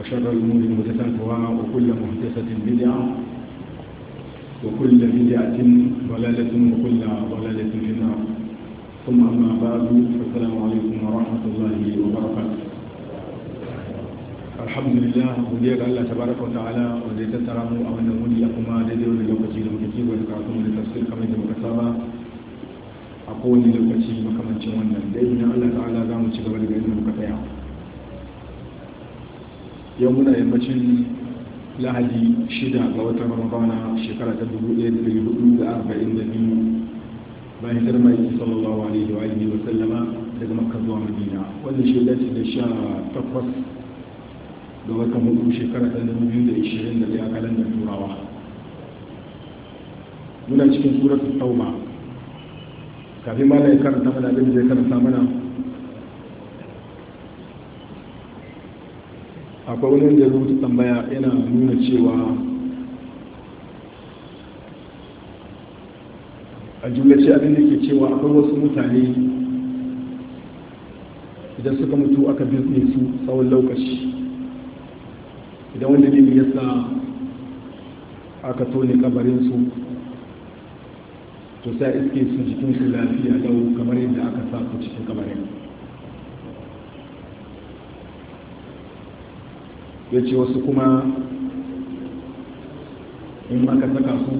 وشر الأمور محدثاتها وكل محدثة بدعة وكل بدعة ضلالة وكل ضلالة في النار ثم أما بعد فالسلام عليكم ورحمة الله وبركاته الحمد لله وليك الله تبارك وتعالى وليك السلام أمن ولي أقوم لدي ولي وكتير وكتير لتفسير كما يجب كتابة أقول لي لو كتير مكما تشوانا لدينا الله تعالى دعم الشيخ وليك إذن yau muna yammacin lahadi shida ga watan ramadana shekara ta dubu da da arba'in da biyu bayan hitar mai sallallahu alaihi wa alihi wa sallama daga makka zuwa madina wannan shi lati da sha takwas ga watan hudu shekara ta dubu biyu da ishirin da turawa muna cikin suratul tauba kafin ma karanta mana abin karanta mana akwai wani da rubuta tambaya yana nuna cewa a ce abin da ke cewa akwai wasu mutane idan suka mutu aka bizne su tsawon lokaci idan wanda ne ya sa aka tone kabarinsu to sai iske su jikinsu lafiya lau kamar yadda aka sa su cikin kabarin ya ce wasu kuma in ka saka su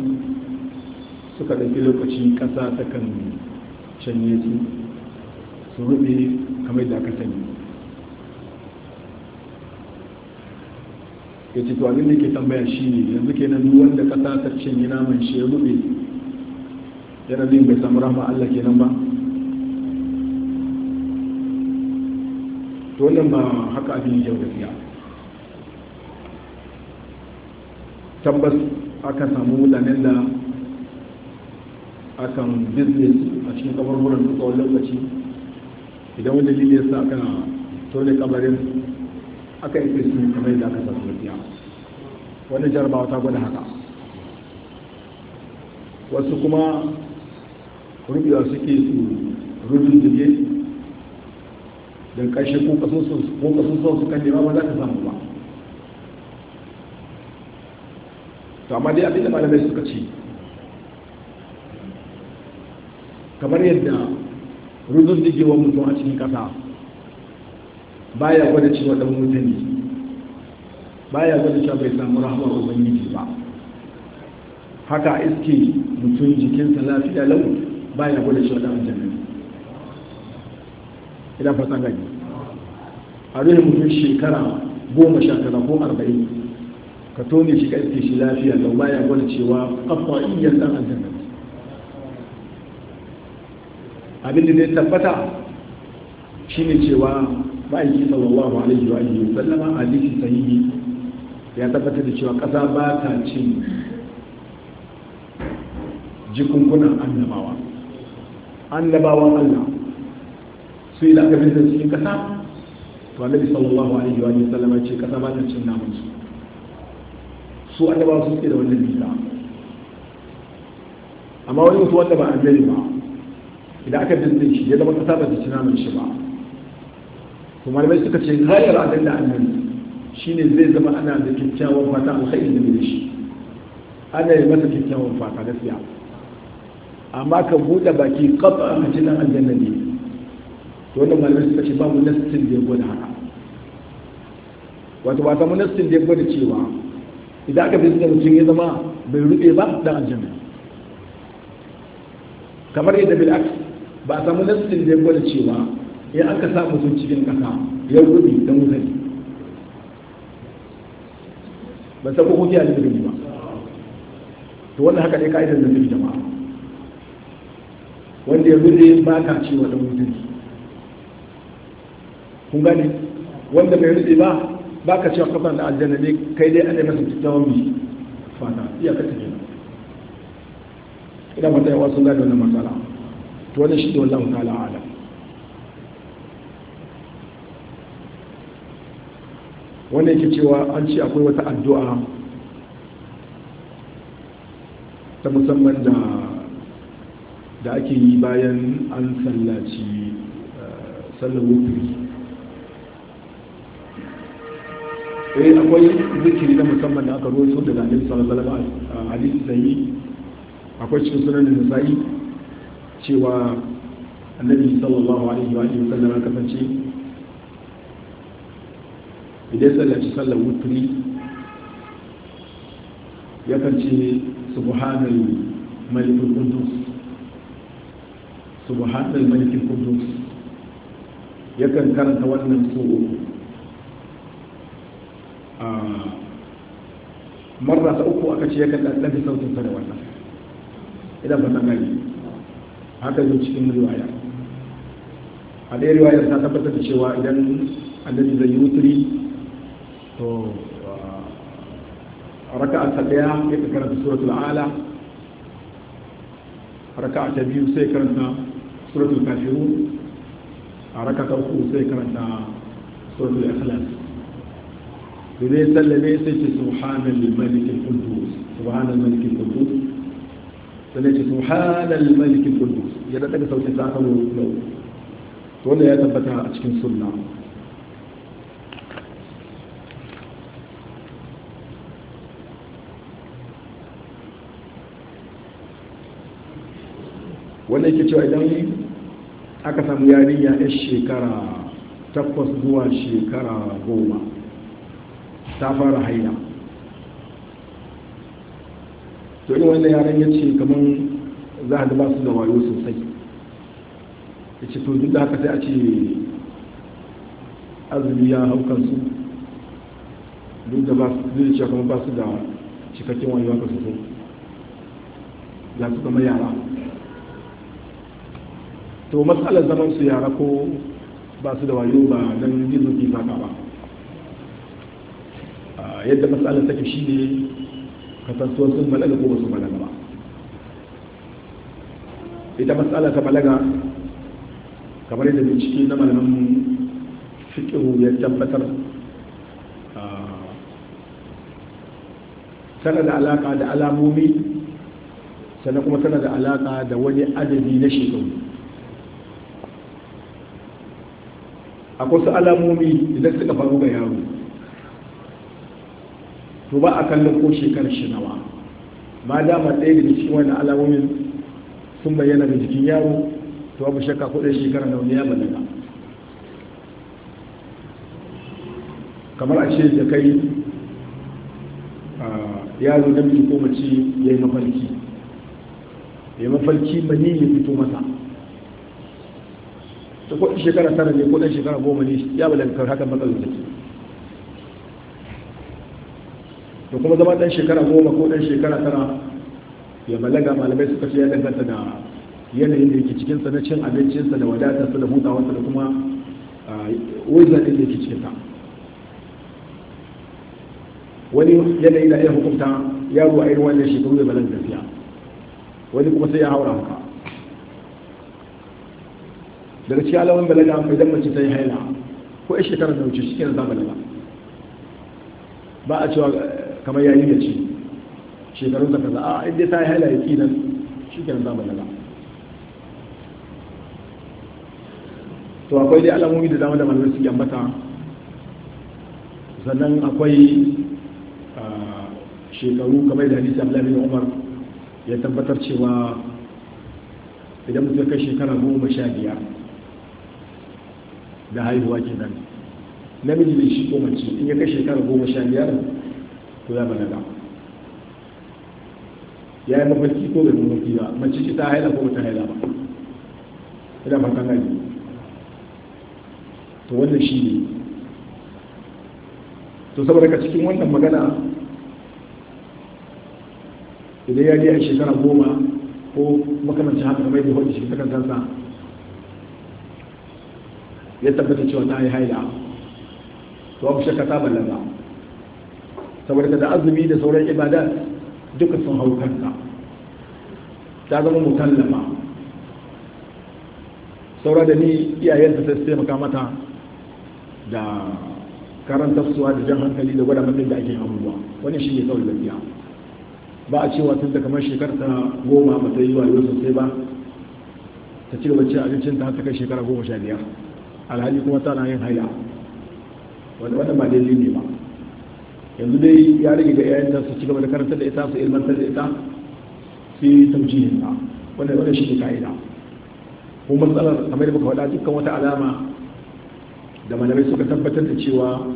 suka ɗauki lokaci ƙasa ta kan canye su su rufe kamar da aka sani ya ce to abin ke tambaya shi ne yanzu ke nan wanda ƙasa ta canye naman shi ya rufe yana zai bai samu rahama Allah kenan ba to wannan ba haka abin yau da fiya tabbas aka samu mutanen da akan business a cikin kamar wurin da tsawon lokaci idan wani dalili ya sa aka tole kabarin aka yi kristi kamar yadda aka samu mutiya wani jarabawa ta gwada haka wasu kuma rubewa suke su rubin jirge don ƙarshe ko kasusun su kan nema ba za ka samu ba to amma dai abinda malamai suka ce kamar yadda rudun digewar mutum a cikin kasa baya gwada cewa dan mutane baya gwada cewa bai samu rahmar ubangiji ba haka iske mutum jikinsa lafiya lau baya gwada cewa ɗan mutane idan fasa gani a ruhin mutum shekara goma sha tara ko arba'in ka tone shi karfe shi lafiya ba ya gwada cewa kafa iyyar dan aljanna abin da zai tabbata shine cewa ma'aiki sallallahu alaihi wa alihi sallama hadisi sahihi ya tabbata da cewa kasa ba ta cin jikunkunan annabawa annabawan Allah su yi la'akabin da cikin kasa to annabi sallallahu alaihi wa sallama ce kasa ba ta cin namansu. su annaba su suke da wannan bisa amma wani mutum wanda ba gani ba idan aka dinne shi ya zama kasa ba su cina mai shi ba to mai suka ce gayar abin da shi ne zai zama ana da kyakkyawan fata alkhairi da shi ana yi masa kyakkyawan fata gaskiya amma ka buɗe baki kafa a cikin aljanna ne to wannan malamai suka ce babu nassin da ya gwada haka wato ba mu nassin da ya gwada cewa idan aka fiska mutum ya zama bai rube ba dan aljanna kamar yadda bil aks ba a samu nassin da ya gwada cewa in aka sa mutum cikin kasa ya rube dan wuta ne ban san ko a jirgin ba to wannan haka ne ka'idar da zai jama'a wanda ya rube ba ka cewa dan wuta ne kun gane wanda bai rube ba ba ka cewa kafa da aljanna ne kai dai ana masa kyakkyawan mai fata iya ka tafi ina fata yawa sun gane wannan matsala to wani shi da wallahu ta'ala alam wannan yake cewa an ce akwai wata addu'a ta musamman da da ake yi bayan an sallaci eh, sallar wufuri eh akwai zikiri na musamman da aka rawaito daga annabi sallallahu alaihi wasallam a hadisi sahihi akwai cikin sunan nasa'i cewa annabi sallallahu alaihi wa sallam ya kasance idan sallaci sallar wutri ya kance subhanal malikul qudus subhanal malikul qudus yakan karanta wannan so marra ta uku aka ce ya kan ɗanɗan sautin sa da wannan idan ba ta gani haka zo cikin riwaya a ɗaya riwayar ta tabbatar da cewa idan annabi zai yi wuturi to raka'a ta ɗaya ya karanta suratul ala raka'a ta biyu sai karanta suratul kafirun a raka'a ta uku sai karanta suratul ikhlas to zai sallame sai ce subhanal malikil Kudu. subhanal malikil qudus sai ce subhanal malikil qudus ya da daga sauke ta kan lau to wanda ya tabbata a cikin sunna wanda yake cewa idan aka samu yarinya 'yan shekara takwas zuwa shekara goma ta fara haila to irin wannan yaran ya ce kamar za a ba su da wayo sosai ya ce to duk da haka sai a ce azumi ya hau kansu duk da ba su zai ce kuma ba su da cikakken wayo haka sosai za su kama yara to matsalar zaman su yara ko ba su da wayo ba nan gizo ke ba ba yadda matsalar take shi ne kasantuwar sun balaga ko wasu balaga ba ita matsala ta balaga kamar yadda bincike na malaman fikihu ya tabbatar ah, tana da alaka da alamomi sannan kuma tana da alaka da wani adadi na shekaru akwai su alamomi idan suka faru ga yaro to ba a kallon ko shekarar shi nawa ma dama ɗaya daga cikin wani alamomin sun bayyana da jikin yaro to babu shakka ko ɗaya shekara nawa ne ya balaga kamar a ce da kai yaro na miji ko mace ya yi mafarki ya yi mafarki mani ya fito masa ta ko shekara tara ne ko ɗan shekara goma ne ya balaga kar haka matsalar ke to kuma zama dan shekara goma ko dan shekara tara ya balaga malamai suka ce ya danganta da yanayin da yake cikinsa na cin abincinsa da wadatarsa da hutawarsa da kuma wizard da yake cikinsa wani yanayi na iya hukunta yaro a irin wannan shekaru da balaga tafiya wani kuma sai ya haura haka daga cikin alamun balaga mai dan mace ta yi haila ko ya shekarar da wuce shi kenan za balaga ba a cewa kamar yayi da ci shekarun ka kaza a inda ta yi haila yaki nan shi kenan za mu lala to akwai dai alamomi da dama da malamai suke mata sannan akwai shekaru kamar da hadisi abdullahi bin umar ya tabbatar cewa idan mutum kai shekara goma sha biyar da haihuwa kenan namiji bai shi ko mace in ya kai shekara goma sha biyar to ya balaga ya yi mafarki ko bai mafarki ba mace ce ta haila ko ta haila ba ina fatan gani to wannan shi ne to saboda ka cikin wannan magana idan ya je a shekara goma ko makamancin haka mai da hudu shekara kansa ya tabbata cewa ta yi haila to abu shakka ta balaga saboda da azumi da sauran ibada duka sun hau kanka ta zama mutallama saura da ni iyayenta sai su taimaka mata da karanta suwa da jan hankali da gwada matsayin da ake hamuwa wani shi ne saurin lafiya ba a cewa tun da kamar shekar ta goma ba ta yi wa wayo sosai ba ta ci gaba cin abincin ta ta kai shekara goma sha biyar alhali kuma tana yin haya wanda ba daidai ne ba yanzu dai ya rage ga yayin su ci gaba da karanta da ita su ilmantar da ita sai tamjihin ba wanda Wannan shi ne ka'ida ko matsalar kamar da muka faɗa dukkan wata alama da malamai suka tabbatar da cewa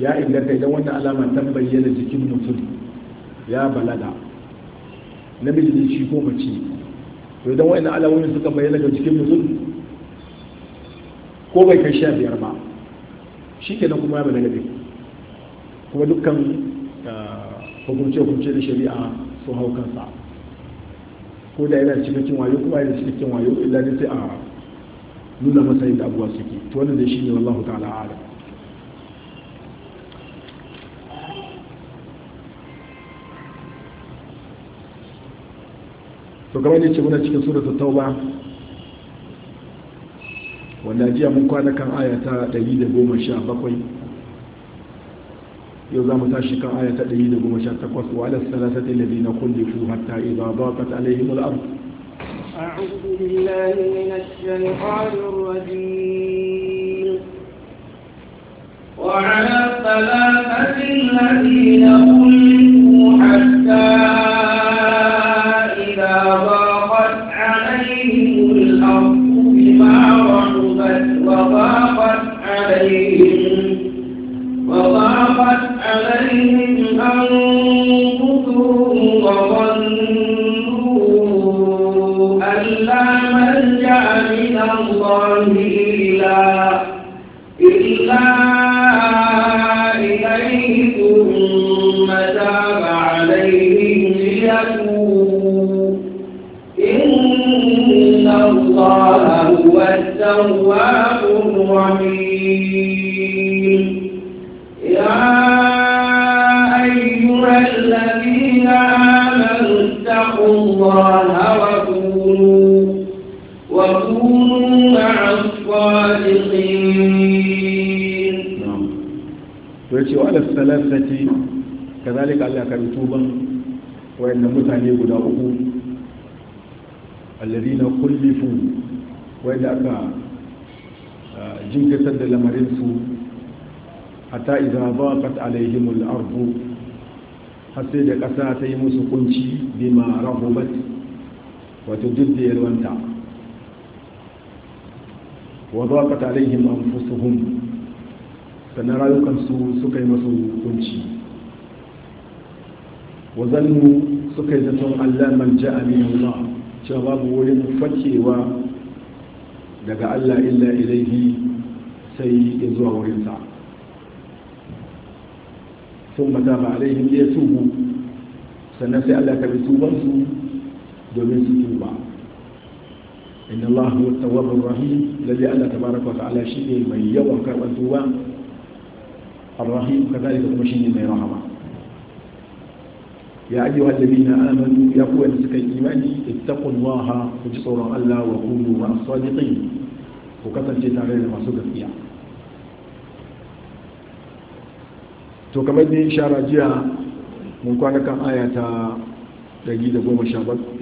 ya inganta idan wannan alama ta bayyana jikin mutum ya balaga namiji ne shi ko mace to idan wa'annan alamomin suka bayyana ga jikin mutum ko bai kai sha biyar ba shi kenan kuma ya balaga dai kuma dukkan eh, hukunce-hukunce da shari'a sun hau kansa ko da yana cikakken wayo kuma yana cikakken wayo illa ne sai a nuna masa yadda abuwa suke to wannan shi ne wallahu ta'ala ala to kamar ne ce muna cikin suratul tauba wanda jiya mun kwana kan aya ta 117 يوزا متاشكا آية تأيين بمشاتكوس وعلى الثلاثة الذين خلفوا حتى إذا ضاقت عليهم الأرض أعوذ بالله من الشيطان الرجيم وعلى الثلاثة الذين خلفوا thalathati kazalika Allah kan tuban wayannan mutane guda uku alladhina kullifu wanda aka jinkirtar da lamarinsu su hatta idza baqat alaihim al-ardu har da ƙasa ta yi musu kunci bima rahubat wato duddiyar wanta wa baqat alaihim anfusuhum sannan rayukansu suka yi masu hukunci wa zannu suka yi zaton allah manja amin allah cewa babu wurin fakewa daga allah illa ilaihi sai ya zuwa wurinsa sun mata ba alaihin ya tubu sannan sai allah bi tubansu domin su tuba inna allah huwa tawwabur rahim lalle allah tabaraka wa ta'ala shine mai yawan karban tuba الرحيم كذلك المشين من رحمه يا أيها الذين آمنوا يا قوة الإيمان اتقوا الله وجصر الله وكونوا مع الصادقين وكتل جتاري لما سبب فيها توكما دي شارع جيا من قوانا كان آية تجيد بوما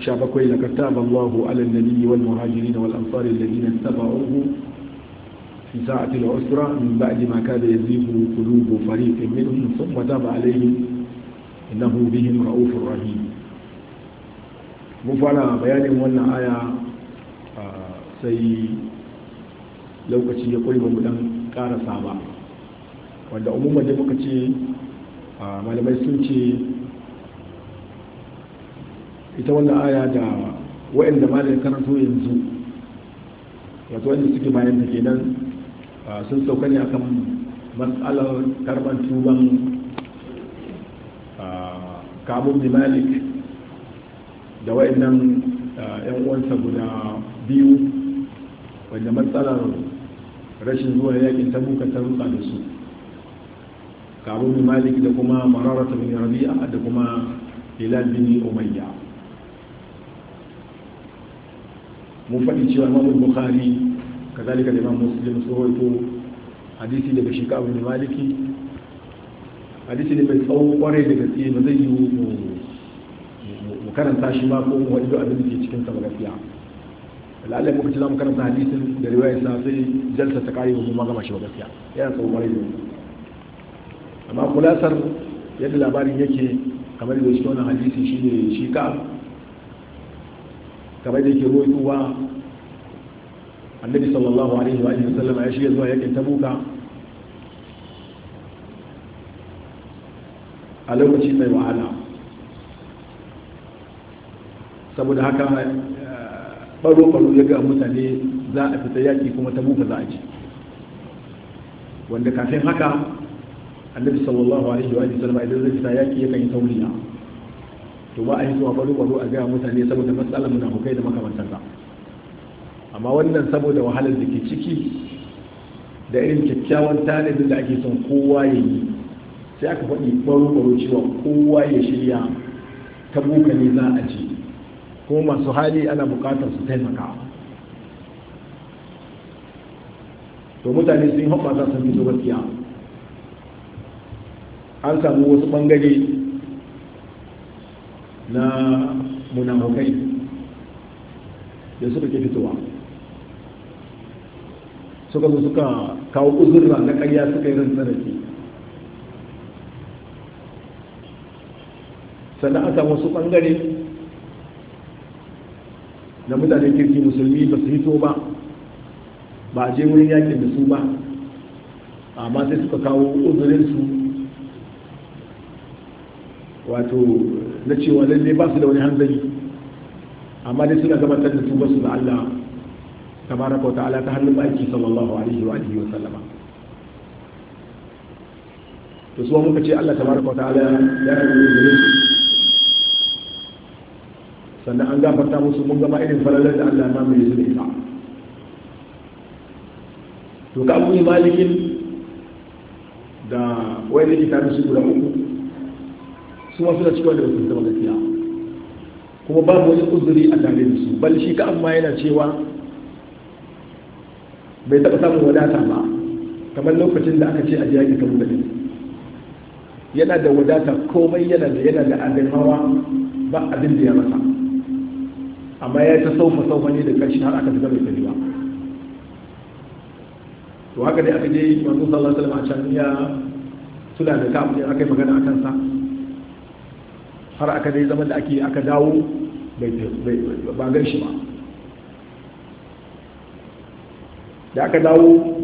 شابك كوي لك الله على النبي والمهاجرين والأنصار الذين اتبعوه في ساعة العسرة من بعد ما كاد يزيغ ba فريق منهم ثم تاب عليهم إنه بهم رؤوف رحيم مفعلا بيان وانا آية sai lokaci ya kuri mu dan karasa ba wanda umuman da muka ce malamai sun ce ita wannan aya da wa'anda malamai karanto yanzu wato wanda suke bayan da kenan Ah, sun sauka ne akan matsalar karban tuban ah, kabun malik da wa'annan yan ah, uwansa guda biyu wanda matsalar rashin zuwa yakin buka ta rutsa da su kabun malik da kuma mararata bin rabi'a da kuma hilal bin umayya mun faɗi cewa mamun bukhari kazalika da imam muslim su rawaito hadisi daga shi ka'ab bin maliki hadisi ne mai tsawo kwarai da gaske ba zai yi mu karanta shi ma ko mu wadda abin da ke cikin sa gaskiya lalai muka ci za mu karanta hadisin da riwayar sa sai jalsa ta kare mu magama shi ba gaskiya yana tsawo kwarai da gaske amma kulasar yadda labarin yake kamar da shi wannan hadisi shine shi ka'ab kamar da yake ruwaitowa annabi sallallahu alaihi wa sallam ya shirya zuwa yakin tabuka a lokaci mai wahala saboda haka eh, baro-baro ya ga mutane za a fita yaki kuma tabuka za a ci wanda kafin haka annabi sallallahu alaihi wa sallam idan zai fita yaki yakan yi tauriya to ba a yi zuwa baro-baro a ga mutane saboda matsalar hukai da makamantar amma wannan saboda wahalar da ke ciki da irin kyakkyawan tanadin da ake son kowa ya yi sai aka faɗi ɓaro cewa kowa ya shirya ta buka ne za a ce kuma masu hali ana buƙatar su taimaka to mutane sun su fi fito gaskiya an samu wasu ɓangare na munafukai da suka ke fitowa suka zo suka kawo uzurra na ƙarya suka yi rantsar da ke sannan aka wasu ɓangare da mutane kirki musulmi ba su hito ba ba a je wurin yakin da su ba amma sai suka kawo uzurinsu wato na cewa lalle ba su da wani hanzari amma dai suna gabatar da su ba su da allah tabaraka wa ta'ala ta hannun baki sallallahu alaihi wa alihi wa sallama to su muka ce Allah tabaraka wa ta'ala ya rabu da sannan an gafarta musu mun gama irin falalar da Allah ma mai da ita to ka abu malikin da wai ne kitabin su guda uku su ma suna cewa da su zama gaskiya kuma babu wani uzuri a tare da su bal shi ka amma yana cewa bai taɓa samun wadata ba kamar lokacin da aka ce a jiya ta mutane yana da wadata komai yana da yana da abin hawa ba abin da ya rasa amma ya ta saufa saufa ne da ƙarshe har aka fita bai sani ba to haka dai aka je manzo sallallahu alaihi wasallam a can ya suna da ta abin aka yi magana akan sa har aka dai zaman da ake aka dawo bai ba gan shi ba da aka dawo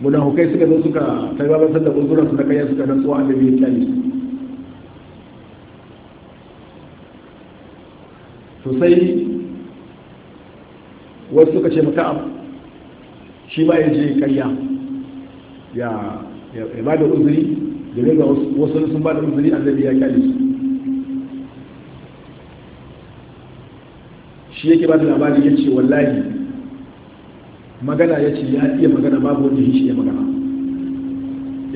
munafukai suka zo suka tabbatar da uzuran su na kai suka rantsuwa annabi ya Sosai to sai wasu suka ce muta'am shi ba ya je karya ya ba da uzuri domin ga wasu sun ba da uzuri annabi ya kyale shi yake ba da labari ya ce wallahi magana ya ce ya iya magana babu wanda ya shi ya magana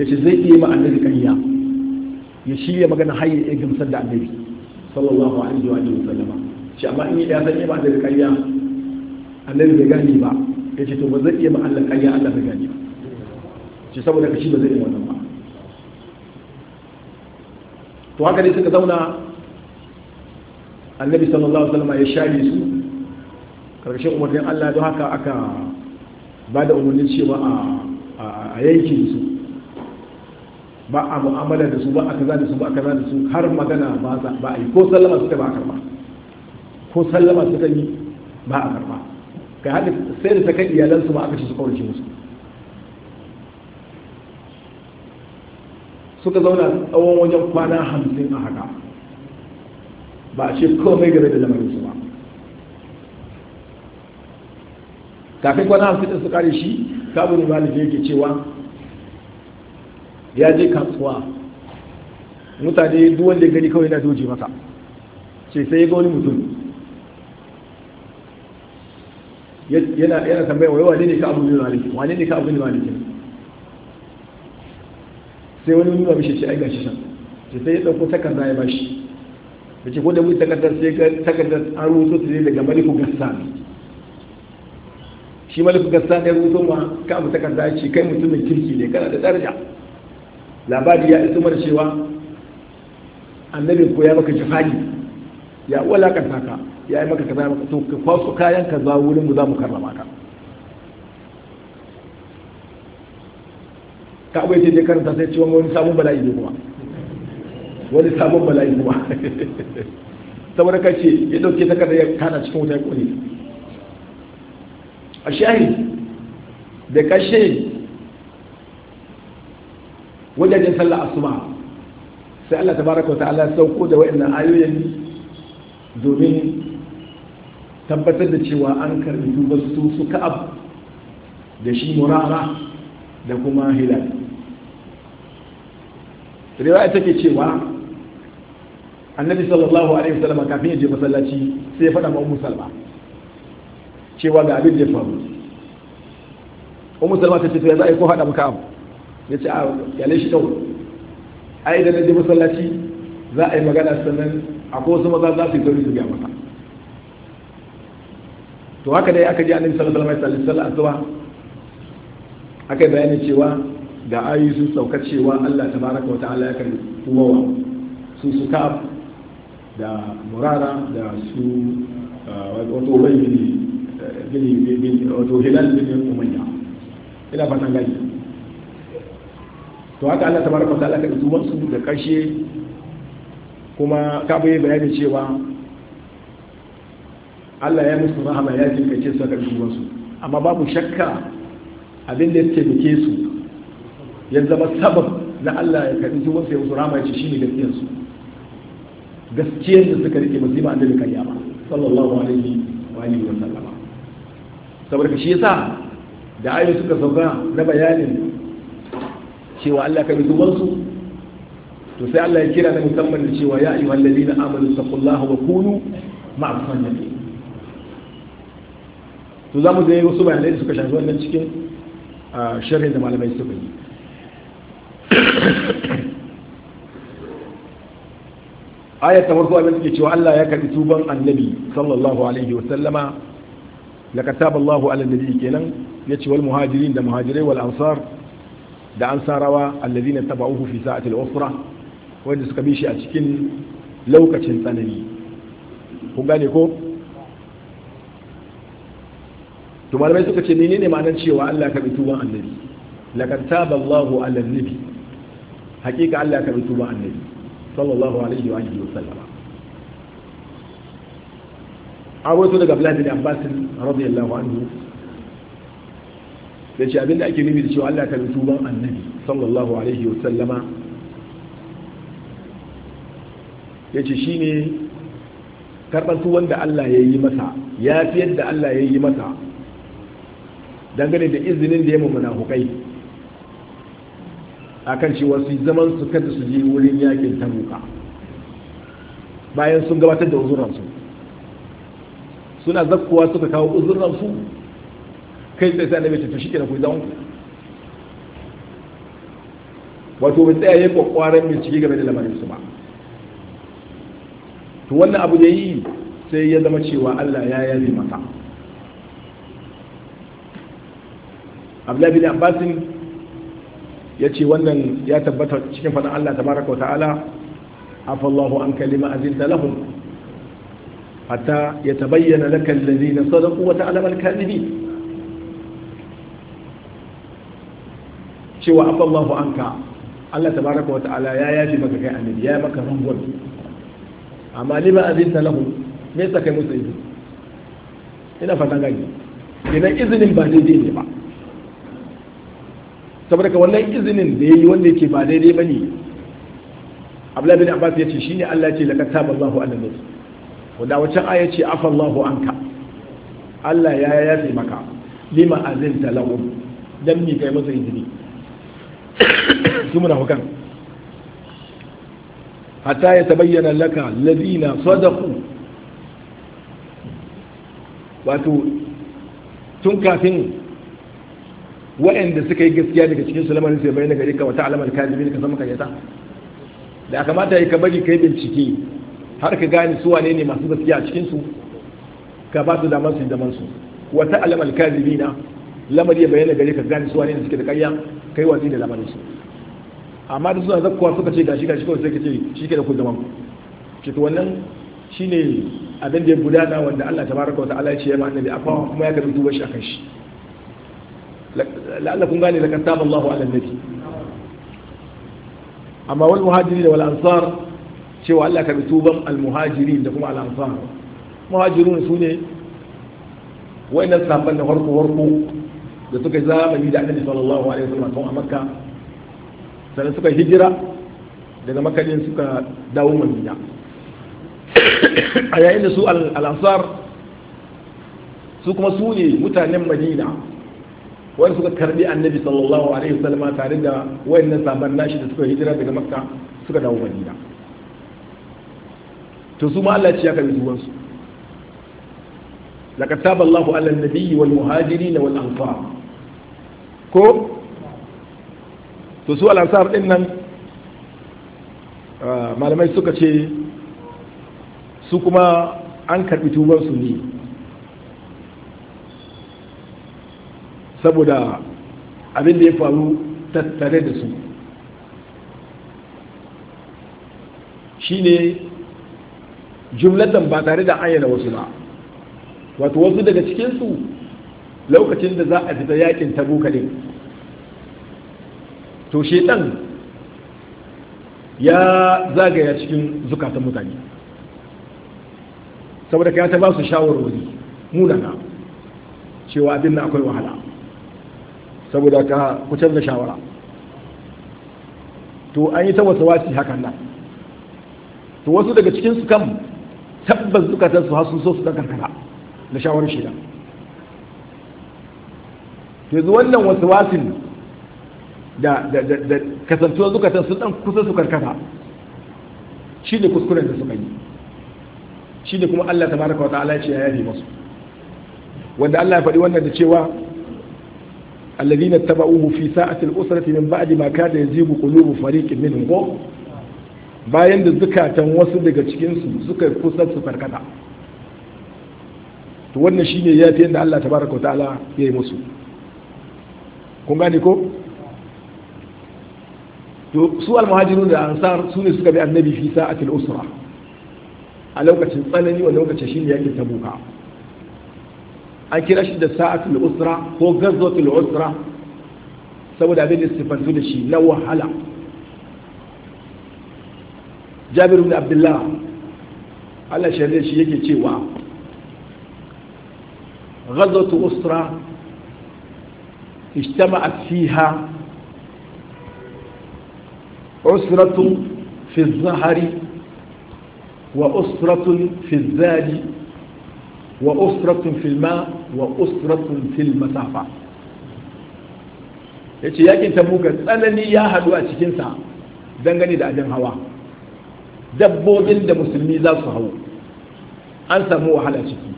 ya ce zai iya ma'an annabi ƙarya ya shi ya magana har ya gamsar da annabi sallallahu alaihi wa sallama shi amma in ya san iya ma'an annabi ƙarya annabi bai gane ba ya ce to ba zai iya ma'an Allah ƙarya Allah bai gane ba ce saboda ka shi ba zai iya wannan ba to haka ne suka zauna annabi sallallahu alaihi wa sallama ya share su karshen umarnin Allah don haka aka ba da umarnin cewa a yankin su ba a mu'amala da su ba a kaza da su ba a kaza da su har magana ba a yi ko sallama suka ba a karba ko sallama suka yi ba a karba kai hada sai da ta iyalan iyalansu ba aka ce su kaurace musu suka zauna tsawon wajen kwana hamsin a haka ba a ce komai game da lamarin su ba kafin kwana fitar su kare shi kabin malibu yake cewa ya je kasuwa mutane duwan da gani kawai na doji masa ce sai ya ga wani mutum yana tambaya wai wane ne ka abu bin alifin? wane ne ka abu bin alifin? sai wani nuna mishi ce ai gashi shan ce sai ya dauko takarda ya bashi da ce ko da mu takardar sai takardar an rubuto ta ne daga maliku gasa shi malik gasa ɗaya rubuto ma ka abu takarda shi kai mutumin kirki ne kana da daraja labari ya iso mana cewa annabin ko ya maka jafani ya walakanta ka ya yi maka kaza maka to ka kwaso kayan ka za wurin mu za mu karrama ka ka abu yace dai karanta sai cewa wani sabon bala'i ne kuma wani sabon bala'i kuma saboda ce ya dauke takarda ya kana cikin wuta ya kone a da kashe wajajen sallar asuma sai Allah tabaraka ta'ala sauko da wayannan ayoyin domin tabbatar da cewa an karbi dubar su su ka'ab da shi murara da kuma hilal riwaya take cewa annabi sallallahu alaihi wasallam kafin ya je masallaci sai ya faɗa ma ummu salma cewa ga abin da ya faru umu Musulma ta ce to yanzu ai ko hada muka abu ya ce a yale shi A idan da na je masallaci za a yi magana sannan akwai wasu maza za su yi sauri su biya masa to haka dai aka ji annabi sallallahu alaihi wasallam wasallam aka yi bayani cewa da ayi sun sauka cewa Allah tabaraka wa ta'ala ya karbi kowa su su ka'ab da murara da su uh, wato bayyani bin wato hilal bin umayya ina fatan gani to haka Allah tabaraka ta'ala ka duba wasu da karshe kuma ka bai bayani cewa Allah ya musu rahama ya jin ce su ka duba wasu, amma babu shakka abin da ya taimake su ya zama sabab na Allah ya karbi su wasu ya musu rahama ya ce shine gaskiyar su gaskiyar da suka rike ba sai ba annabi kariya ba sallallahu alaihi wa alihi wa sallama saboda shi yasa da ayoyi suka sauka na bayanin cewa Allah ka bisu wasu to sai Allah ya kira na musamman da cewa ya ayyuhal ladina amanu taqullaha wa kunu ma'as sadiqin to za mu zai wasu bayanai da suka shafi wannan cikin sharhi da malamai suka yi ayat ta farko abin suke cewa Allah ya karbi tuban annabi sallallahu alaihi wa sallama لكتاب الله على النبي كنن يتي والمهاجرين ده مهاجرين والأنصار ده أنصاروا الذين تبعوه في ساعة الأسرة a cikin أتكين tsanani. Ku gane ko. to malamai suka ce menene ma'anar cewa Allah ka bi tuban annabi laqad taba Allahu 'ala nabi hakika Allah ka bi tuban annabi sallallahu alaihi wa alihi wa sallama a daga bladin bin radiyallahu anhu da ce abinda ake nufi da cewa Allah kan ban annabi sallallahu alaihi wa sallama yace shine karban tuban da Allah ya yi masa ya fi yadda Allah ya yi masa dangane da izinin da ya mamuna hukai akan cewa su zaman su kada su je wurin yakin tabuka bayan sun gabatar da uzuransu suna zakkuwa suka kawo uzuransu su kai sai sai annabi ce to shikenan ku zaman wato bai tsaya yayin mai bincike game da lamarin su ba to wannan abu da yi sai ya zama cewa Allah ya yabe masa Abdullahi bin Abbas ya ce wannan ya tabbata cikin fadan Allah tabaraka wa ta'ala afallahu an kalima azinta lahum hatta ya tabayyana laka allazina sadaqu wa ta'lamu al-kadhibin cewa afa Allahu anka Allah tabaraka wa ta'ala ya yafi maka kai annabi ya maka rangwar amma lima azinta lahu me yasa kai musu izini ina fatan idan izinin ba daidai ne ba saboda ka wannan izinin da yayi wanda yake ba daidai ne. Abdullah bin Abbas shi shine Allah ya ce laqad taballahu ala nabi da wacce aya ce afallahu anka Allah ya yafe maka lima azinta lahum dan ni kai masa izini su muna hukan hatta ya tabayyana laka da sadaqu wato tun kafin waɗanda suka yi gaskiya daga cikin su lamarin sai bayyana gari ka wata alamar kadibin ka san makayyata yata da kamata ya ka bari kai bincike har ka gane su wane ne masu gaskiya a cikin su ka ba su da su zaman su wata ta'lam al-kadhibina lamari ya bayyana gare ka gane su wane ne suke da ƙarya kai watsi da lamarin su amma da suna zakkuwa suka ce gashi gashi kawai sai ka ce shi ke da ku zaman ku to wannan shine abin da ya gudana wanda Allah tabaraka wa ta'ala ya ce ya ma annabi afawa kuma ya karbi tubar shi akan shi la'alla kun gane kan taba Allahu 'ala an amma wal muhajirin wal ansar cewa Allah ka bi tuban almuhajirin da kuma al'amfan muhajirun su ne wa'inan sahabban da farko farko da suka yi zamani da annabi sallallahu alaihi wasallam tun a makka sannan suka hijira daga makka suka dawo madina a yayin da su al'ansar su kuma su ne mutanen madina wani suka karbi annabi sallallahu alaihi wasallama tare da wayannan sahabban nashi da suka hijira daga makka suka dawo madina to su ma Allah ya karbi su? laqad taba Allahu 'ala an-nabiyyi wal muhajirin wal ansar ko to su al-ansar din nan ah, malamai suka ce su kuma an karbi su ne saboda abin da ya faru tattare da su shine jumlatan ba tare da ayyana wasu ba wato wasu daga cikinsu lokacin da za a fita yakin tabuka ne to shedan ya zagaya cikin zukatan mutane saboda ka ta ba su shawarwari munana cewa abin da akwai wahala saboda ka ku canza shawara to an yi ta wasu wasi hakan nan to wasu daga cikin su kan tabbas zukatan su hasu so su dan karkara da shawarar shida yanzu wannan wasu wasin da kasantuwar zukatan sun dan kusa su karkata shi ne kuskuren da suka yi shi ne kuma Allah tabaraka wa ta'ala ya ce ya yafe masu wanda Allah ya faɗi wannan da cewa alladhina tabauhu fi sa'ati al-usrati min ba'di ma kada yazibu qulubu fariqin minhum bayan da zukatan wasu daga cikinsu suka kusa su farkata to wannan shine fi yadda Allah tabaraka wa ta'ala ya yi musu kun gane ko to su almuhajirun da ansar su ne suka bi annabi fi sa'atil usra a lokacin tsanani wa lokacin shine ta tabuka an kira shi da sa'atul usra ko gazwatul usra saboda abin da sifantu da shi na wahala jabiru da abdullahi allah shi shi yake cewa غزوه اسره اجتمعت فيها اسره في الظهر واسره في الزاد واسره في الماء واسره في المسافه يجي ياكي تبوك تسالني يا حدو ا cikin sa dangane dabbobin da musulmi za su hau an samu wahala ciki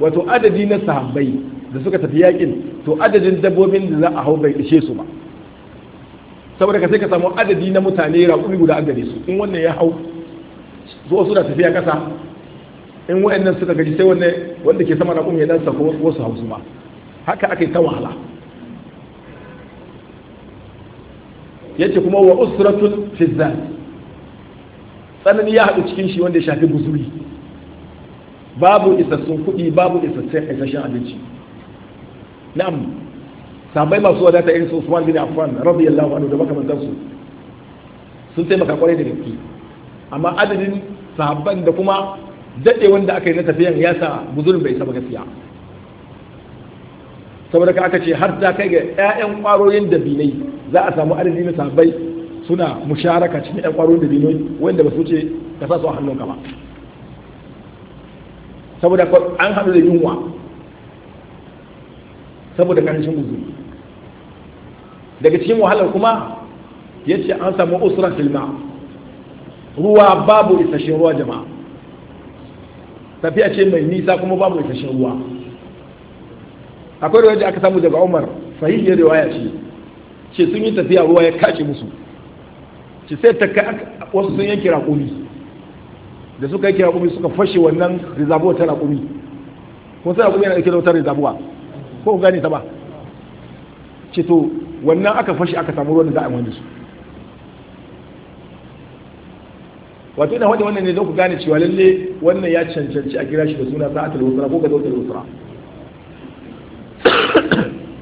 wato adadi na sahabbai da suka tafi yakin to adadin dabbobin da za a hau bai ishe su ba saboda ka sai ka samu adadi na mutane raƙumi guda an gare su in wannan ya hau zuwa suna tafiya ƙasa in wa'annan suka gaji sai wanda ke sama raƙumi ya dan sako wasu su ba haka aka yi ta wahala yace kuma wa usratun fi zati tsanani ya haɗu cikin shi wanda ya shafi buzuri. babu isassun kuɗi babu isassun isasshen abinci na'am sabai masu wadata irin su Usman bin Affan radiyallahu anhu da makamantar su sun taimaka kwarai da gaske amma adadin sahabban da kuma daɗe wanda aka yi na tafiyan ya sa guzurin bai saba gaskiya saboda ka aka ce har ta kai ga 'ya'yan ƙwarorin dabinai za a samu adadi na sahabbai suna musharaka cikin ɗan ƙwaron da dinoi wanda ba su ce ka sa su a hannun ba saboda an haɗu da yunwa saboda ƙarancin guzuri daga cikin wahalar kuma ya ce an samu usra filma ruwa babu isasshen ruwa jama'a tafiya ce mai nisa kuma babu isasshen ruwa akwai ruwa da aka samu daga umar sahihiyar riwaya ce ce sun yi tafiya ruwa ya kace musu ci sai ta kai wasu sun yanke raƙumi da suka yanke raƙumi suka fashe wannan rizabuwa ta raƙumi kun sai raƙumi yana ɗauke da wata rizabuwa ko gane ta ba ce to wannan aka fashe aka samu ruwan da za a wani su wato ina wajen wannan ne don ku gane cewa lalle wannan ya cancanci a kira shi da suna sa'atul wusra ko gazawatul wusra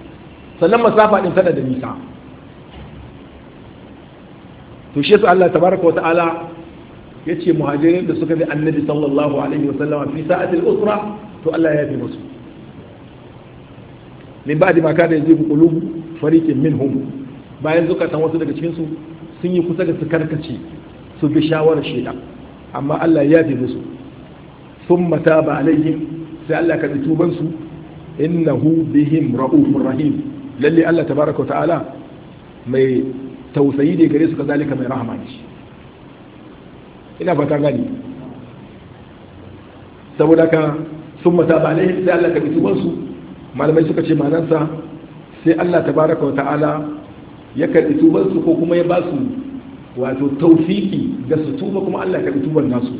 sannan masafa din tana da nisa to shi yasa Allah tabaraka wa ta'ala yace muhajirin da suka bi annabi sallallahu alaihi wa sallama fi sa'atil usra to Allah ya yafi musu min ba'di ma kana yazibu qulubu fariqin minhum bayan zukatan wasu daga cikin su sun yi kusa da su karkace su bi shawarar shaida. amma Allah ya yafi musu thumma taba alaihim sai Allah ka tuban su innahu bihim ra'ufur rahim lalle Allah tabaraka wa ta'ala mai tausayi da gare su ka zalika mai rahama ne ina fata gani saboda ka sun mata ba ne sai Allah ka bitu su malamai suka ce manansa sai Allah tabaraka wa ta'ala ya karɓi tuban su ko kuma ya ba su wato taufiki da su tuba kuma Allah ya tuban nasu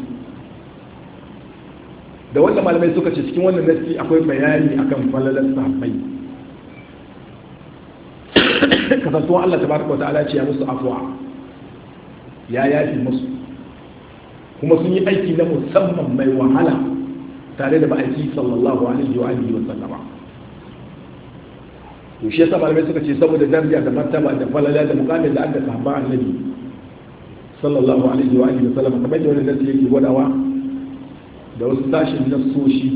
da wannan malamai suka ce cikin wannan nasi akwai bayani akan falalar sahabbai kasantuwan Allah tabaraka wata ala ce ya musu afuwa ya yafi musu kuma sun yi aiki na musamman mai wahala tare da ba'aiki sallallahu alaihi wa alihi wa sallama to shi yasa malamai suka ce saboda daraja da martaba da falala da mukamin da aka sahaba annabi sallallahu alaihi wa alihi wa sallama kamar da wannan nasi yake gwadawa da wasu na nasoshi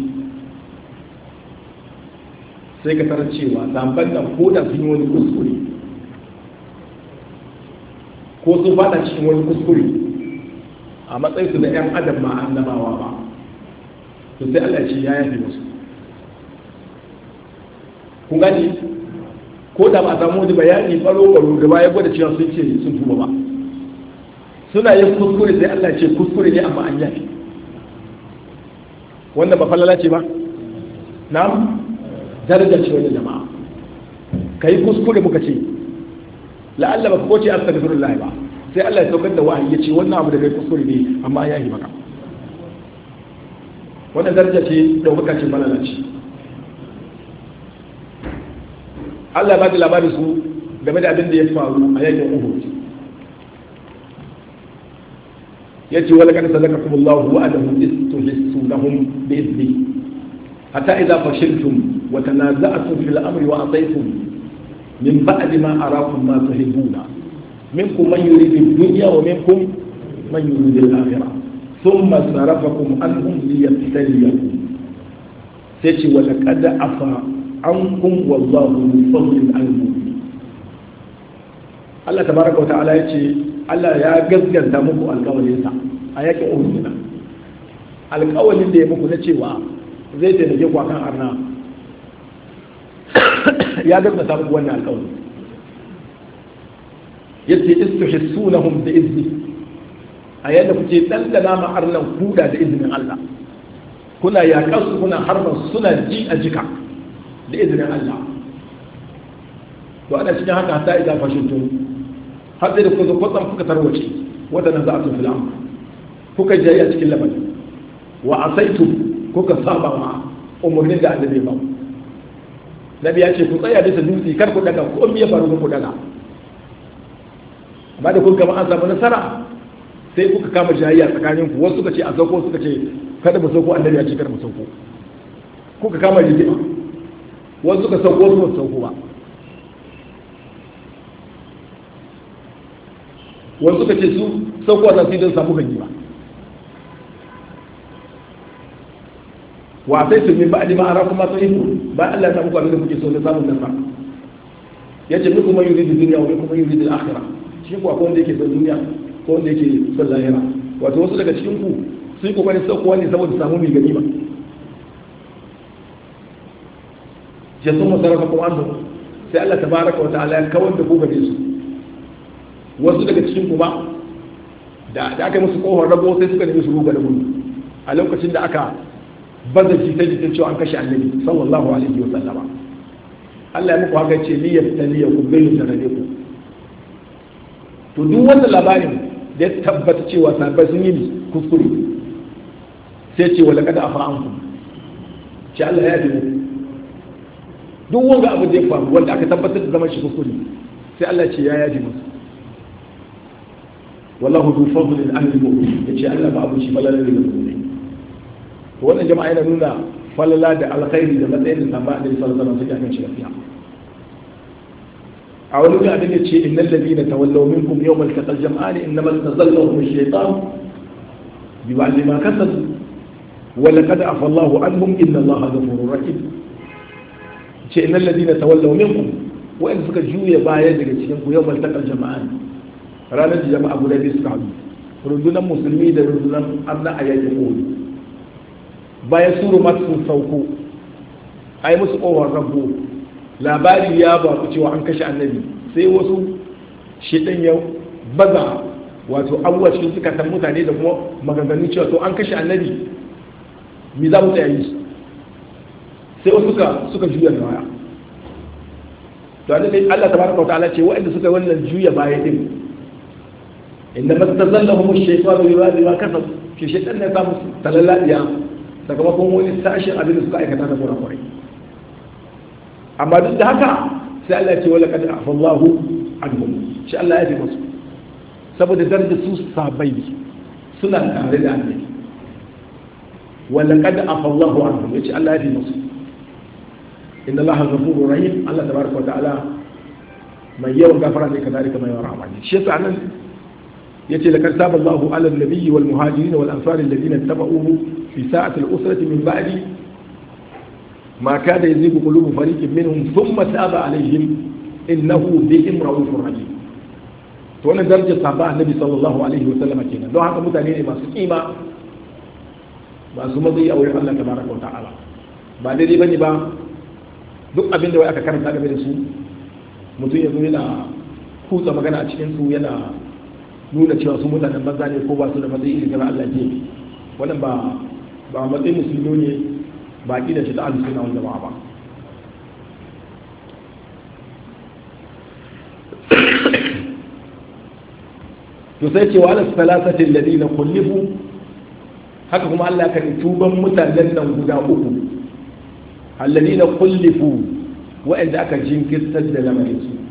sai ka tarar cewa zamban da ko da sun yi wani kuskure ko sun fada cikin wani kuskure a matsayin su na yan adam ma annabawa ba to sai Allah shi ya yafe musu kun gani ko da ba a samu wani bayani baro baro da baya gwada cewa sun ce sun tuba ba suna yin kuskure sai Allah ce kuskure ne amma an yafe wannan ba falala ce ba na'am daraja ce wani jama'a kai kuskure muka ce la'alla ba ko ce astaghfirullah ba sai Allah ya saukar da ya ce wannan abu da kai kuskure ne amma ya yi maka wannan daraja ce daukaka ce malala ce Allah ba da labari su game da abin da ya faru a yakin Uhud yace wala kan sadaqakum Allahu wa adahu istuhisunahum bi idni hatta idza fashiltum wa tanaza'tum fil amri wa ataytum min ba'di ma arakum ma tuhibbuna minkum man yuridu ad-dunya wa minkum man yuridu al-akhirah thumma sarafakum anhum liyabtaliyakum sai ce wa laqad afa ankum wallahu min fadlin al-mu'minin Allah tabaraka wa ta'ala yace Allah ya gaskanta muku alƙawarinsa a yakin Uhud alƙawarin da ya muku na cewa zai taimake ku akan arna ya gabata ta muku wannan alƙawari yace istuhissunahum bi izni a yadda kuke dandana ma arnan kuda da izinin Allah kuna yaƙar su kuna harban suna ji a jika da izinin Allah to ana cikin haka hatta idan fashin tun har sai da kuka zo kwatsam kuka tarwace wadannan za a tun filam kuka je a cikin labari wa asaitu kuka saba ma umarnin da annabi ba nabi ya ce ku tsaya bisa dutse kar ku daga ko ya faru ku daga amma da kun kama an samu nasara sai kuka kama jayayya tsakanin ku wasu suka ce a sauko suka ce kada mu sauko annabi ya ce kada mu sauko kuka kama rigima wasu suka sauko su ba sauko ba wasu suka ce su sauko za su yi don samu ba. wa sai su min ba'di ra kuma sai su ba Allah ta muku abin da kuke so ne samun nasa ce ni kuma yuridu duniya wani kuma yuridu al akira shi kuwa ko wanda yake son duniya ko wanda yake son lahira wato wasu daga cikin ku sun yi kokarin saukowa ne saboda samu mai ganima jasun masarafa kuma an sai Allah ta baraka wa ta'ala ya kawar da ku gare su wasu daga cikin kuma da aka yi musu kohon rabo sai suka nemi su ruga da gudu a lokacin da aka bazan shi ta jikin cewa an kashe annabi sallallahu alaihi wa sallama Allah ya muku haka ce li yaftaliya ku bil ku to duk wannan labarin da ya tabbata cewa sahabbai sun yi kuskure sai ce wala kada afa ankum ce Allah ya dubo duk wanda abu da ya faru wanda aka tabbatar da zama shi kuskure sai Allah ce ya yaji musu wallahu du fadlin ahli mu'min yace Allah ba abu shi balalar da mu'min to wannan jama'a yana nuna falala da alkhairi da matsayin da samba da sallallahu alaihi wasallam suke shiga a wani wuri abin da ce innal ladina tawallaw minkum yawmal taqal jam'ani innamal tazallahum ash-shaytan bima lima kasabu wa laqad afa Allahu anhum inna Allaha ghafurur rahim ce innal ladina tawallaw minkum wa'in suka juya baya daga cikin ku yawmal taqal jama'an ranar jama'a guda biyu suka haɗu rundunar musulmi da rundunar Allah a yakin Uhud bayan suru sun sauko ai musu ƙowar rabu labari ya ba ku cewa an kashe annabi sai wasu shiɗin ya baza wato abubuwa cikin sukatan mutane da kuma maganganun cewa to an kashe annabi mi za mu tsaya yi sai wasu suka juya waya? to an annabi Allah tabaraka wa ala ce waɗanda suka yi wannan juya baya din inda masu mastazallahum ash da bi da ma kasab shi shaytan ne samu talalliya sakamakon wani sashen abin da suka aikata da na kurakurai amma duk da haka sai Allah ce wala kad afallahu anhum shi Allah ya fi masu saboda darajar su sabai suna tare da annabi wala kad afallahu anhum yace Allah ya fi masu inna Allah ghafurur rahim Allah tabaraka wa ta'ala mai yawan gafara ne kadalika mai yawan rahama shi yasa nan yace laqad taba Allahu 'ala an-nabiyyi wal muhajirin wal ansar alladhina tabauhu fi sa'ati al-usrati min ba'di ma kada yazigu qulubu fariqin minhum thumma taba 'alayhim innahu bihim ra'ufur rahim to wannan darajar sahaba annabi sallallahu alaihi wa sallam kenan don haka mutane ne masu kima masu matsayi a wurin Allah tabaraka wa ta'ala ba daidai bane ba duk abin da wai aka karanta game da su mutum ya zo yana kutsa magana a cikin su yana nuna cewa su mutanen banza ne ko ba su da matsayi irin na Allah ke wannan ba ba matsayin musulmi ne ba da shi ta alusuna wanda ba ba to sai cewa ala salasatin ladina kullifu haka kuma Allah kan tuban mutanen nan guda uku alladina kullifu wa'anda aka jinkirtar da lamarin su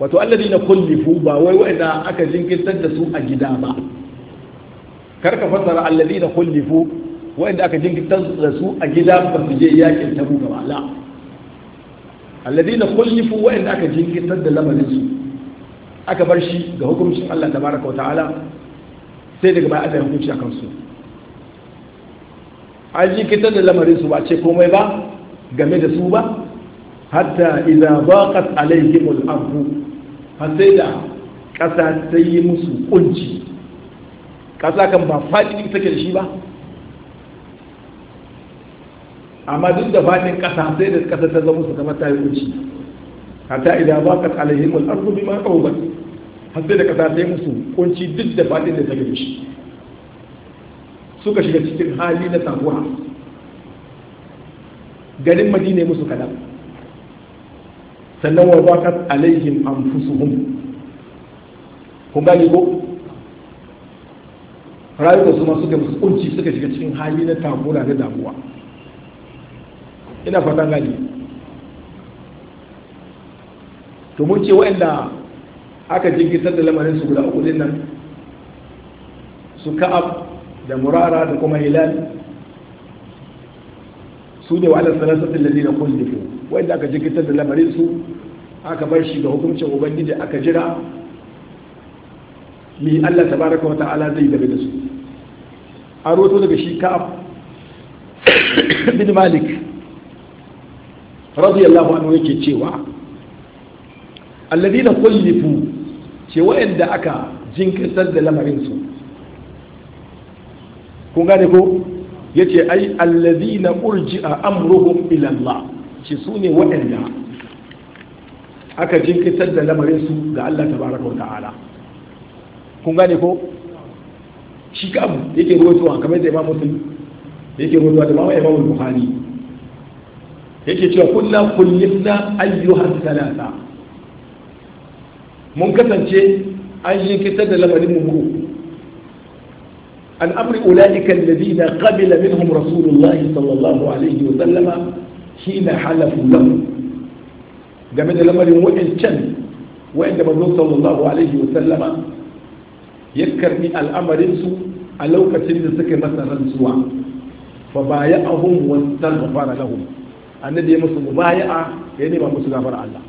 wato allazi na kullifu ba wai wanda aka jinkirtar da su a gida ba karka fasara allazi na kullifu wa'anda aka jinkirtar da su a gida ba su je yakin tabu gaba la allazi na kullifu wa'anda aka jinkirtar da lamarin su aka bar shi ga hukuncin Allah tabaraka wa ta'ala sai daga baya aka hukunci akan su an jinkirtar da lamarin su ba ce komai ba game da su ba hatta idza baqat alaihimul ardu har sai da ƙasa ta yi musu kunci ƙasa kan ba faɗi take da shi ba amma duk da faɗin ƙasa sai da ƙasa ta zama su kama ta yi kunci hatta idan ba ka alaihim al'arzu bi ma ba har sai da ƙasa ta yi musu kunci duk da faɗin da take da shi suka shiga cikin hali na tabuwa garin madina musu kadan sannan wa zakat alaihim anfusuhum kun gane ko rayuwar su masu suka musu kunci suka shiga cikin hali na takura da damuwa ina fatan gani to mun ce wa'anda aka jinkitar da lamarin su guda uku nan su ka'ab da murara da kuma hilal su ne wa'adar alasana da lalina na kullifu wanda aka jikitar da lamarin aka bar shi ga hukuncin ubangiji aka jira mi Allah tabaraka wata'ala zai game da su a roto daga shi ka'ab bin malik radiyallahu anhu yake cewa alladina kullifu ce wayanda aka jinkirtar da lamarinsu. su kun gane ko yace ai alladina urji'a amruhum ila Allah ce su ne waɗanda aka jinkirtar da lamarin su ga Allah tabaraka wa ta'ala kun gane ko shi ka abu yake ruwatuwa kamar da imam muslim yake ruwatuwa da mama imam bukhari yake cewa kullu kullina ayyuhan salasa mun kasance an jinkirtar da lamarin mu an amri ulaika alladhina qabila minhum rasulullahi sallallahu alaihi wa sallama na halafu lahu game da lamarin wa'ancan wa'anda mazan sallallahu alaihi wa sallama ya karbi al'amarin su a lokacin da suka masa rantsuwa fa baya'ahum wa astaghfara annan annabi ya musu a ya nema musu gafara Allah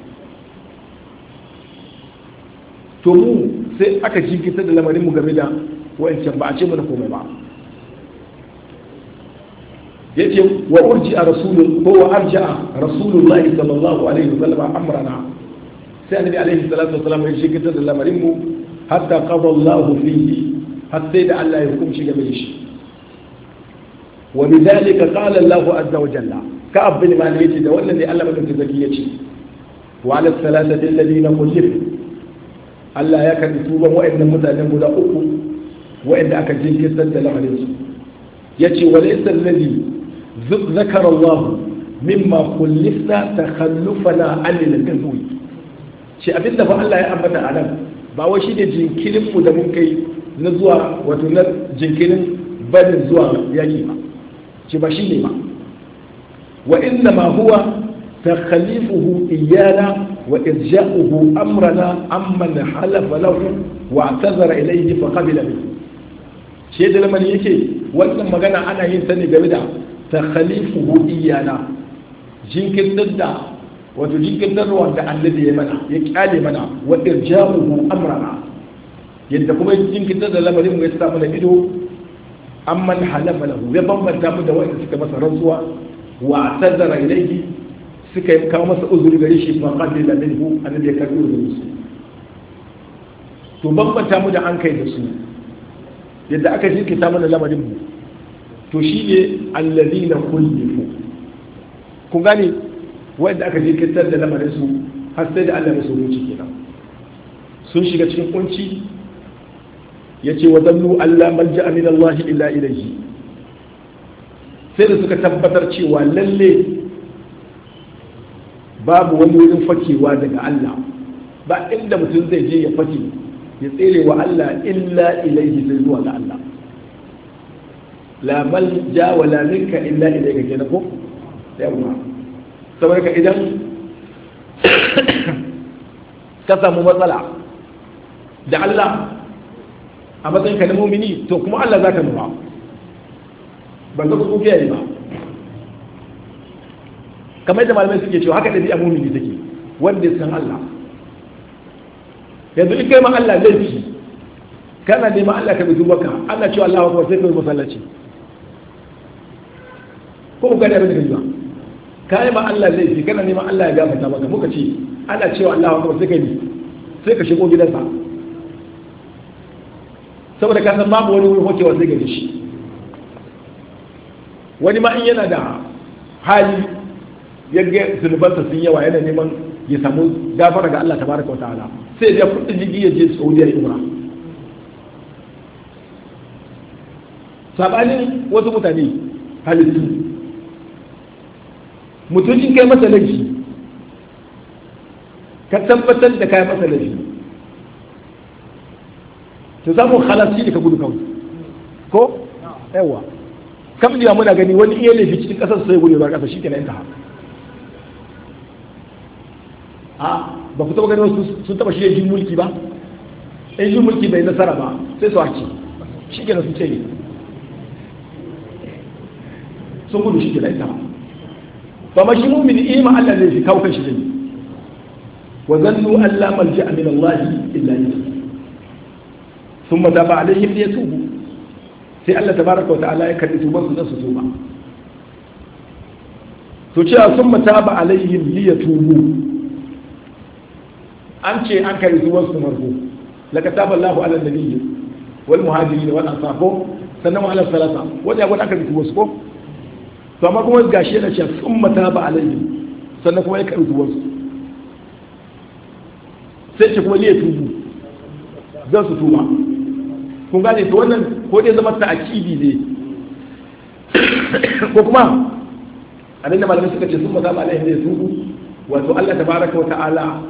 to mu sai aka jinkirta da lamarin mu game da wa'ancan ba a ce mana komai ba yace wa a rasulun ko wa arja'a rasulullah sallallahu alaihi wasallam amrana sai annabi alaihi salatu wasallam ya shi kitar da lamarin mu hatta qada Allahu fihi hatta da Allah ya hukunci game da shi wa bidhalika qala Allahu azza wa jalla ka abin ma ne yace da wannan ne Allah madaukakin zaki yace wa ala thalathati alladhina qulib Allah ya karbi tuban wa'annan mutanen guda uku wa'anda aka jinkirtar da lamarin su yace wa laysa alladhi ذكر الله مما كلفنا تخلفنا عن الغزو shi abinda fa Allah ya ambata a nan ba wai shi ne jinkirin mu da mun kai na zuwa wato na jinkirin barin zuwa yaki ba shi ba shi ne ba wa inna ma huwa takhalifuhu iyana wa irja'uhu amrana amman halafa lahu wa tazara ilayhi fa qabila bihi shi da lamari yake wannan magana ana yin ta ne game da takhalifuhu iyana jinkirtar da wato jinkirtar wanda annabi ya mana ya kyale mana wa irja'uhu amrana yadda kuma jinkirtar da lamarin mu ya sa mana ido amma halama lahu ya bambanta mu da wanda suka masa rantsuwa wa tazara ilayhi suka yi kawo masa uzuri gare shi fa da minhu annabi ya karbi uzurin su to bambanta mu da an kai da su yadda aka jinkirta mana lamarin mu to shi ne allazi na kullifu Ku gane wadda aka jirkitar da lamarin su har sai da Allah ya soro ciki nan sun shiga cikin kunci ce wa zallu allah malja min allahi illa ilayhi sai da suka tabbatar cewa lalle babu wani wurin fakewa daga Allah ba inda mutum zai je ya fake ya tsere wa Allah illa ilayhi zai zuwa ga Allah la malja wa la minka illa ilayka kenan ko yawa saboda ka idan ka samu matsala da Allah a matsayin ka na mumini to kuma Allah zaka nuna ban zaka kuke yi ba kamar da malamai suke cewa haka dabi'a mumini take wanda san Allah yanzu in ma Allah laifi kana nema Allah ka bi dubaka Allah cewa Allah wa sai kai masallaci ko ku gane abin da kake ba kai ma Allah laifi kana neman Allah ya gafarta maka muka ce ana cewa Allah akbar sai kai sai ka shigo gidansa saboda ka san babu wani wurin hokewa sai ka shi wani ma in yana da hali yagge zunubansa sun yawa yana neman ya samu gafara ga Allah tabaraka wa ta'ala sai ya kudin jirgi ya je Saudiya ya umra sabanin wasu mutane halittu mutuncin kai masa laifi ka tabbatar da kai masa laifi to samu halarci da ka gudu kawai ko yawa kam da muna gani wani iya laifi cikin kasar sai gudu ba kasar shi kenan ta a ba ku taba ganin sun taba shi jin mulki ba in jin mulki bai nasara ba sai su haki shi kenan sun ce ne sun gudu shi kenan ta ba ma shi mumini ima Allah ne shi kawo kanshi zai wa zannu Allah malji min Allah illa ilayhi thumma taba alaihim tubu. sai Allah ta baraka wa ta'ala ya karbi tuban su da su tuba to cewa thumma taba alaihim tubu an ce an karbi tuban su marko laka taba Allahu ala nabiyyi wal muhajirin wal ansar ko sannan wa ala salasa wanda ya gwada aka rubuta wasu ko to amma kuma gashi yana cewa sun mata ba alayhim sannan kuma ya karbi tubansu sai ce kuma ne tubu zan su tuma. kun gane to wannan ko dai zama cibi ne ko kuma abin da malamai suka ce sun mata ba alayhim ne tubu wato Allah tabaraka wa ta'ala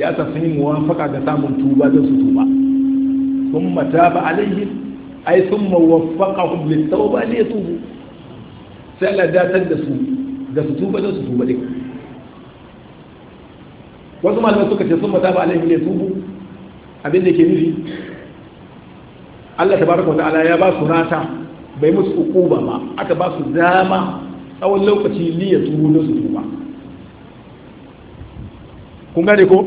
ya ta sun yi muwafaka ga samun tuba zan su tuma. sun mata ba alayhim ai sun mawafaka hum lit tauba ne tubu sai Allah datar da su da su tuba da su tuba din wasu malamai suka ce sun mata ba alaihi ne tubu abin da ke nufi Allah tabaraka ta'ala ya ba su rata bai musu hukuma ba aka ba su dama tsawon lokaci liya tubu da su tuba kun gane ko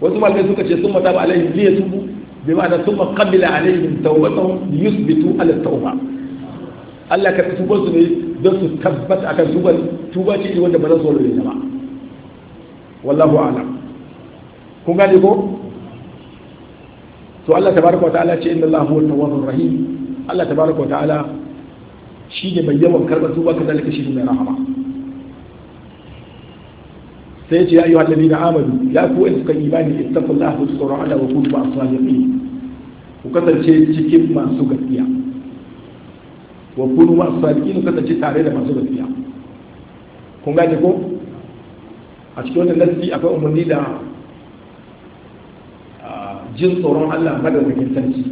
wasu malamai suka ce sun mata ba alaihi liya tubu bi ma'ana sun makabila alaihim tawbatahum yusbitu ala tawba Allah ka tuba su ne don su tabbata akan tuba tuba ce wanda ba za su wani ba wallahu a'lam kun gane ko to Allah tabaraka ta'ala ce inna Allah huwa tawwabur rahim Allah tabaraka ta'ala shi ne mai yawan karɓar tuba ka zalika shi ne mai rahama sai ce ya ayyuhal ladina Amadu ya ku in suka imani ittaqullaha wa tsoron Allah wa kuntum as-sadiqin ku kasance cikin masu gaskiya wa kunu ma sadiqin kasance tare da masu gaskiya kun gane ko a cikin wannan lissafi akwai umarni da jin tsoron Allah madaukakin sarki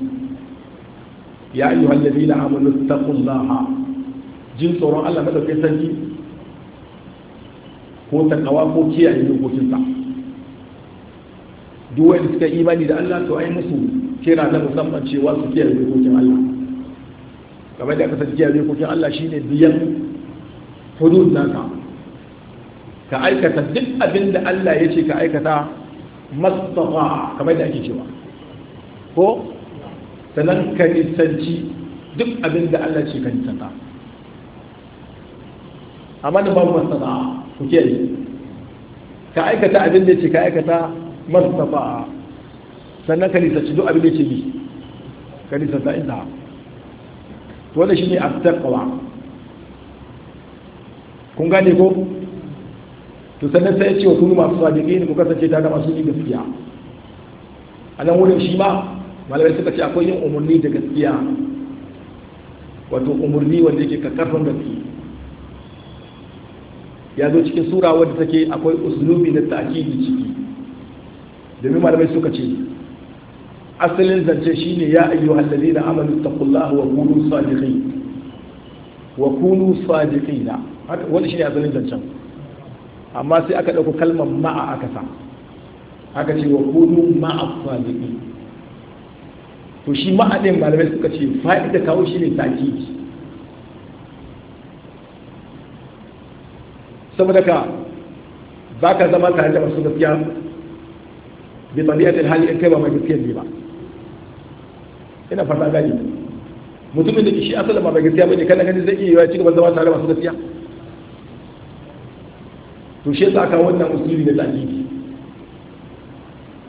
ya ayu halladina amanu taqullaha jin tsoron Allah madaukakin sarki ko takawa ko kiyaye dokokin sa duk wanda suka imani da Allah to ai musu kira na musamman cewa su kiyaye dokokin Allah kamar da aka san kiyaye dokokin Allah shine biyan hudud nasa. ka aikata duk abin da Allah ya ce ka aikata mastafa kamar da ake cewa ko sannan ka nisanci duk abin da Allah ce ka nisanta A da babu mastafa ku kiyaye ka aikata abin da ya ce ka aikata mastafa sannan ka nisanci duk abin da ya ce bi ka nisanta inda to ne a at-taqwa kun gane ko to sannan sai ya ce wa kunu masu sadiqi ne ku kasance ta da masu yi gaskiya a nan wurin shi ma malamai suka ce akwai yin umarni da gaskiya wato umarni wanda yake kakarfin gaske ya zo cikin sura wadda take akwai usulubi na ta'akidi ciki domin malamai suka ce asalin zance shi ne ya ayyuhal ladina amanu taqullaha wa kunu sadiqin wa kunu sadiqina wanda shine asalin zancen amma sai aka ɗauko kalmar ma'a aka sa aka ce wa kunu ma'a sadiqin to shi ma'a din malamai suka ce fa'ida kawo shine takidi saboda ka za ka zama tare da masu gaskiya bi tabi'atil hali in kai ba mai gaskiya ne ba ina fata gani mutumin da ke shi asalin ba bai gaskiya bane kana gani zai iya yi ci gaba zama tare masu gaskiya to shi yasa aka wannan usuli da tsadiki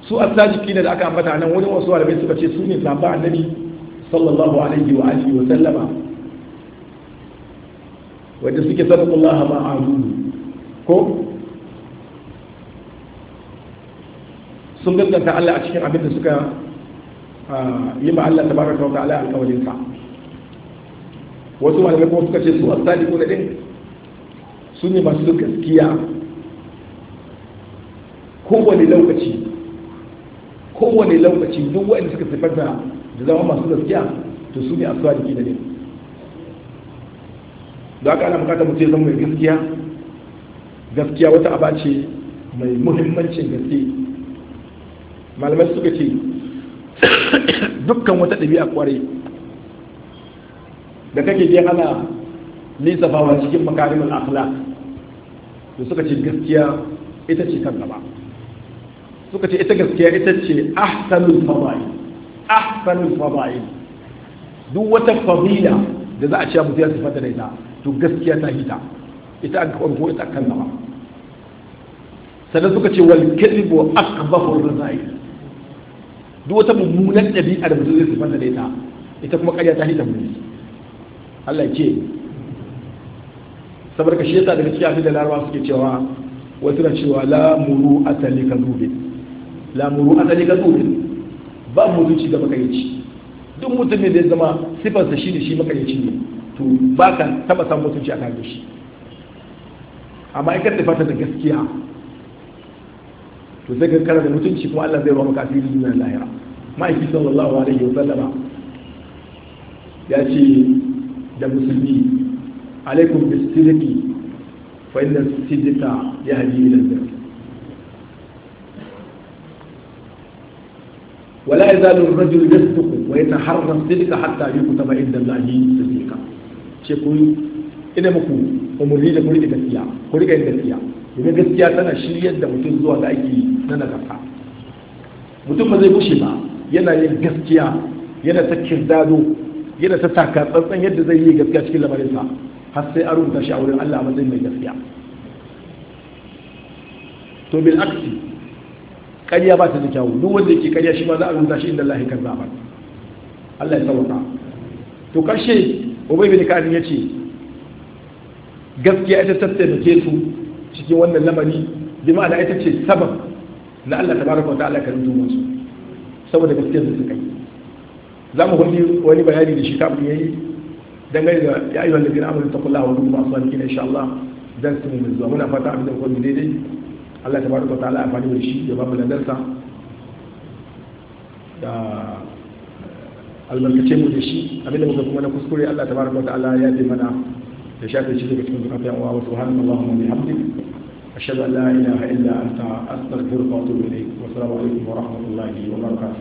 su asajiki ne da aka ambata nan wani wasu alabai suka ce su ne sahabban annabi sallallahu alaihi wa alihi wa sallama wanda suke Allah ma azumi ko sun gaskanta Allah a cikin abin da suka yi ma Allah tabaraka wa ta'ala alƙawarin sa wasu malamai kuma suka ce su ko da ɗin su ne masu gaskiya kowane lokaci kowane lokaci duk wa'in suka sifata da zama masu gaskiya to su ne asadiku da ɗin da aka ana bukatar mutum ya zama mai gaskiya gaskiya wata aba ce mai muhimmancin gaske malamai suka ce dukkan wata ɗabi'a kwarai da kake je hana nisafawa cikin makarimin akhlaq da suka ce gaskiya ita ce kan gaba suka ce ita gaskiya ita ce ahsanul fadail ahsanul fadail duk wata fadila da za a ce mutum ya sifata da ita to gaskiya ta hita ita an kawar ita kan gaba sannan suka ce wal kadhibu akbahu ar-razail duk wata mummunan ɗabi'a da mutum zai sifanta da ita ita kuma ƙarya ta hita muni Allah ce sabar ka shi yasa daga cikin abin da larabawa suke cewa wasu na cewa lamuru a talika ka zube Lamuru a asali ka zube ba mu zuci da makarici duk mutumin da ya zama sifarsa shi da shi makarici ne to ba ka taɓa samun mutunci a kan shi amma in da sifanta da gaskiya to sai ka da mutunci kuma Allah zai ba maka asiri duniya lahira ma'aiki sallallahu alaihi wa sallama ya ce da musulmi alaikum bi sidiki fa inna sidika yahdi ila al-jannah ولا يزال الرجل يصدق ويتحرى الصدق حتى يكتب عند الله صديقا شيخ ina muku umarni da ku rike gaskiya ku rike gaskiya daga gaskiya tana shiryar da mutum zuwa ga aiki na nagarta mutum ba zai bushe ba yana yin gaskiya yana ta kirdado yana ta taka tsantsan yadda zai yi gaskiya cikin lamarinsa har sai an rubuta shi a wurin Allah a matsayin mai gaskiya to bil aksi ƙarya ba ta da kyawu duk wanda yake ƙarya shi ma za a rubuta shi inda Allah ya ba Allah ya sauka to karshe ubay bin ka'ab ya ce gaskiya ita ta taimake su cikin wannan lamari bi ma'ana ita ce sabab na Allah tabaraka wa ta'ala karin tuban su saboda gaskiyar da suka yi za mu hulli wani bayani da shi ta abu yayi dangane da ya ayyuhan ladina amanu taqullaha wa kuntum as-sadiqin insha Allah dan su mu zuwa muna fata abin da kuma daidai Allah tabaraka wa ta'ala ya fadi da shi ya ba mu darsa da albarkace mu da shi abinda muka kuma na kuskure Allah tabaraka wa ta'ala ya bi mana يشهد الشيخ بسم الله الرحمن الرحيم وسبحان الله وبحمده أشهد أن لا إله إلا أنت أستغفرك وأتوب إليك والسلام عليكم ورحمة الله وبركاته